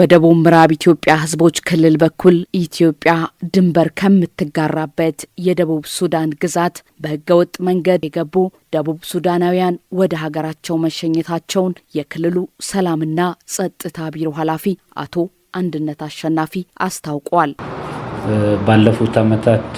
በደቡብ ምዕራብ ኢትዮጵያ ህዝቦች ክልል በኩል ኢትዮጵያ ድንበር ከምትጋራበት የደቡብ ሱዳን ግዛት በህገወጥ መንገድ የገቡ ደቡብ ሱዳናውያን ወደ ሀገራቸው መሸኘታቸውን የክልሉ ሰላምና ጸጥታ ቢሮ ኃላፊ አቶ አንድነት አሸናፊ አስታውቋል። ባለፉት ዓመታት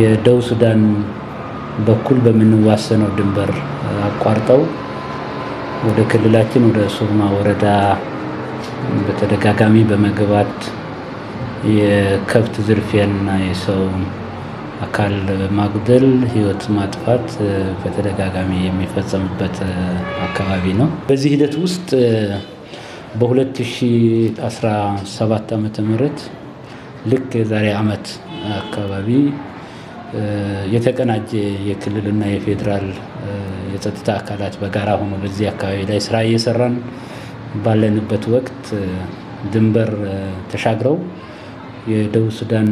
የደቡብ ሱዳን በኩል በምንዋሰነው ድንበር አቋርጠው ወደ ክልላችን ወደ ሱርማ ወረዳ በተደጋጋሚ በመግባት የከብት ዝርፊያና የሰው አካል ማጉደል፣ ህይወት ማጥፋት በተደጋጋሚ የሚፈጸምበት አካባቢ ነው። በዚህ ሂደት ውስጥ በ2017 ዓ.ም ልክ የዛሬ ዓመት አካባቢ የተቀናጀ የክልልና የፌዴራል የጸጥታ አካላት በጋራ ሆኖ በዚህ አካባቢ ላይ ስራ እየሰራን ባለንበት ወቅት ድንበር ተሻግረው የደቡብ ሱዳን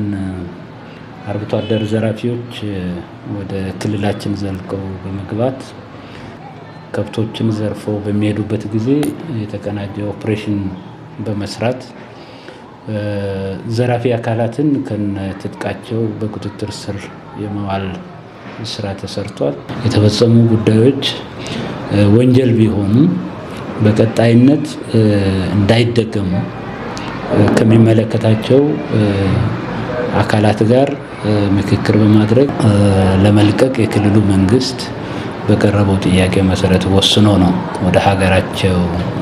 አርብቶ አደር ዘራፊዎች ወደ ክልላችን ዘልቀው በመግባት ከብቶችን ዘርፈው በሚሄዱበት ጊዜ የተቀናጀ ኦፕሬሽን በመስራት ዘራፊ አካላትን ከነ ትጥቃቸው በቁጥጥር ስር የመዋል ስራ ተሰርቷል። የተፈጸሙ ጉዳዮች ወንጀል ቢሆኑም በቀጣይነት እንዳይደገሙ ከሚመለከታቸው አካላት ጋር ምክክር በማድረግ ለመልቀቅ የክልሉ መንግስት በቀረበው ጥያቄ መሰረት ወስኖ ነው ወደ ሀገራቸው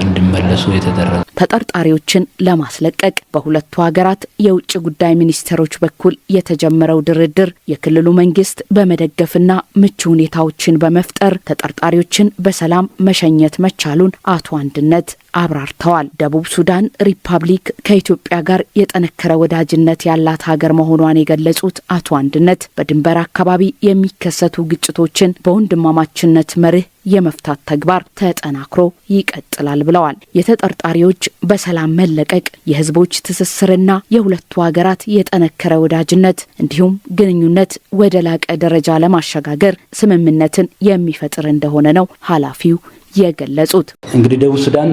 እንዲመለሱ የተደረገ። ተጠርጣሪዎችን ለማስለቀቅ በሁለቱ ሀገራት የውጭ ጉዳይ ሚኒስቴሮች በኩል የተጀመረው ድርድር የክልሉ መንግስት በመደገፍና ምቹ ሁኔታዎችን በመፍጠር ተጠርጣሪዎችን በሰላም መሸኘት መቻሉን አቶ አንድነት አብራርተዋል። ደቡብ ሱዳን ሪፐብሊክ ከኢትዮጵያ ጋር የጠነከረ ወዳጅነት ያላት ሀገር መሆኗን የገለጹት አቶ አንድነት በድንበር አካባቢ የሚከሰቱ ግጭቶችን በወንድማማችነት መርህ የመፍታት ተግባር ተጠናክሮ ይቀጥላል ብለዋል። የተጠርጣሪዎች በሰላም መለቀቅ የህዝቦች ትስስርና የሁለቱ ሀገራት የጠነከረ ወዳጅነት እንዲሁም ግንኙነት ወደ ላቀ ደረጃ ለማሸጋገር ስምምነትን የሚፈጥር እንደሆነ ነው ኃላፊው የገለጹት። እንግዲህ ደቡብ ሱዳን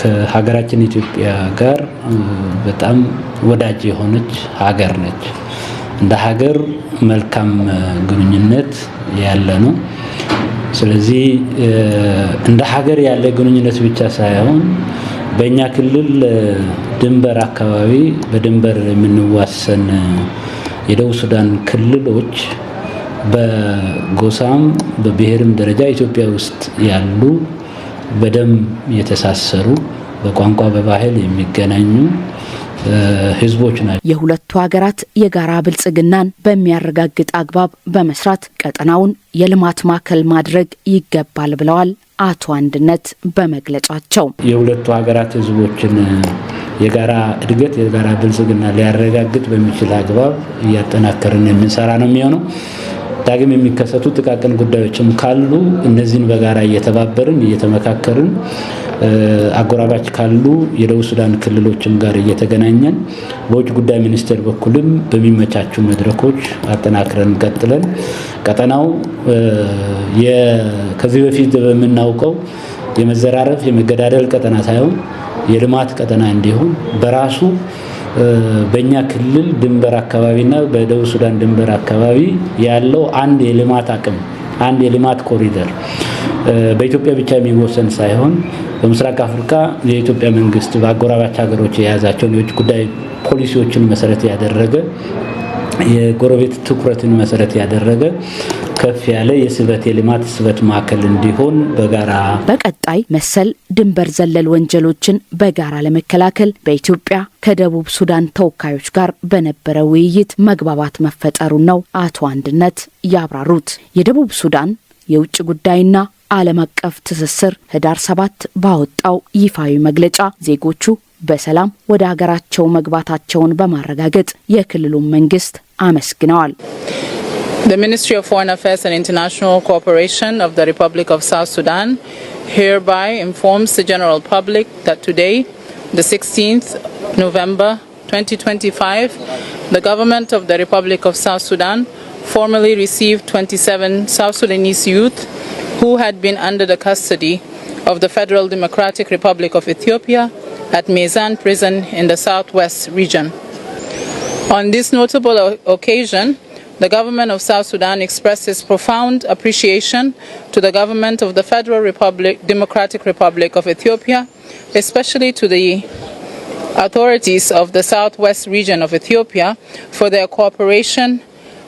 ከሀገራችን ኢትዮጵያ ጋር በጣም ወዳጅ የሆነች ሀገር ነች። እንደ ሀገር መልካም ግንኙነት ያለ ነው። ስለዚህ እንደ ሀገር ያለ ግንኙነት ብቻ ሳይሆን በእኛ ክልል ድንበር አካባቢ በድንበር የምንዋሰን የደቡብ ሱዳን ክልሎች በጎሳም በብሔርም ደረጃ ኢትዮጵያ ውስጥ ያሉ በደም የተሳሰሩ በቋንቋ በባህል የሚገናኙ ህዝቦች ናቸው። የሁለቱ ሀገራት የጋራ ብልጽግናን በሚያረጋግጥ አግባብ በመስራት ቀጠናውን የልማት ማዕከል ማድረግ ይገባል ብለዋል አቶ አንድነት በመግለጫቸው። የሁለቱ ሀገራት ህዝቦችን የጋራ እድገት፣ የጋራ ብልጽግና ሊያረጋግጥ በሚችል አግባብ እያጠናከርን የምንሰራ ነው የሚሆነው። ዳግም የሚከሰቱ ጥቃቅን ጉዳዮችም ካሉ እነዚህን በጋራ እየተባበርን እየተመካከርን አጎራባች ካሉ የደቡብ ሱዳን ክልሎችም ጋር እየተገናኘን በውጭ ጉዳይ ሚኒስቴር በኩልም በሚመቻቹ መድረኮች አጠናክረን ቀጥለን ቀጠናው ከዚህ በፊት በምናውቀው የመዘራረፍ የመገዳደል ቀጠና ሳይሆን የልማት ቀጠና እንዲሆን በራሱ በእኛ ክልል ድንበር አካባቢና በደቡብ ሱዳን ድንበር አካባቢ ያለው አንድ የልማት አቅም አንድ የልማት ኮሪደር በኢትዮጵያ ብቻ የሚወሰን ሳይሆን በምስራቅ አፍሪካ የኢትዮጵያ መንግስት በአጎራባች ሀገሮች የያዛቸውን የውጭ ጉዳይ ፖሊሲዎችን መሰረት ያደረገ የጎረቤት ትኩረትን መሰረት ያደረገ ከፍ ያለ የስበት የልማት ስበት ማዕከል እንዲሆን በጋራ በቀጣይ መሰል ድንበር ዘለል ወንጀሎችን በጋራ ለመከላከል በኢትዮጵያ ከደቡብ ሱዳን ተወካዮች ጋር በነበረ ውይይት መግባባት መፈጠሩን ነው አቶ አንድነት ያብራሩት። የደቡብ ሱዳን የውጭ ጉዳይና ዓለም አቀፍ ትስስር ህዳር ሰባት ባወጣው ይፋዊ መግለጫ ዜጎቹ በሰላም ወደ ሀገራቸው መግባታቸውን በማረጋገጥ የክልሉን መንግስት አመስግነዋል። The Ministry of Foreign Affairs and International Cooperation of the Republic of South Sudan hereby informs the general public that today, the 16th November 2025, the government of the Republic of South Sudan formally received 27 South Sudanese youth who had been under the custody of the Federal Democratic Republic of Ethiopia at Mezan prison in the southwest region. On this notable occasion, the government of South Sudan expressed its profound appreciation to the government of the Federal Republic, Democratic Republic of Ethiopia, especially to the authorities of the southwest region of Ethiopia for their cooperation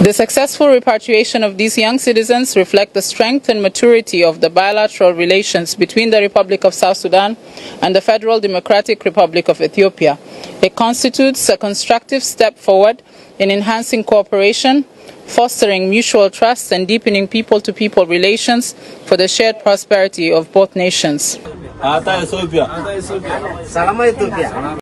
The successful repatriation of these young citizens reflect the strength and maturity of the bilateral relations between the Republic of South Sudan and the Federal Democratic Republic of Ethiopia. It constitutes a constructive step forward in enhancing cooperation, fostering mutual trust, and deepening people-to-people -people relations for the shared prosperity of both nations.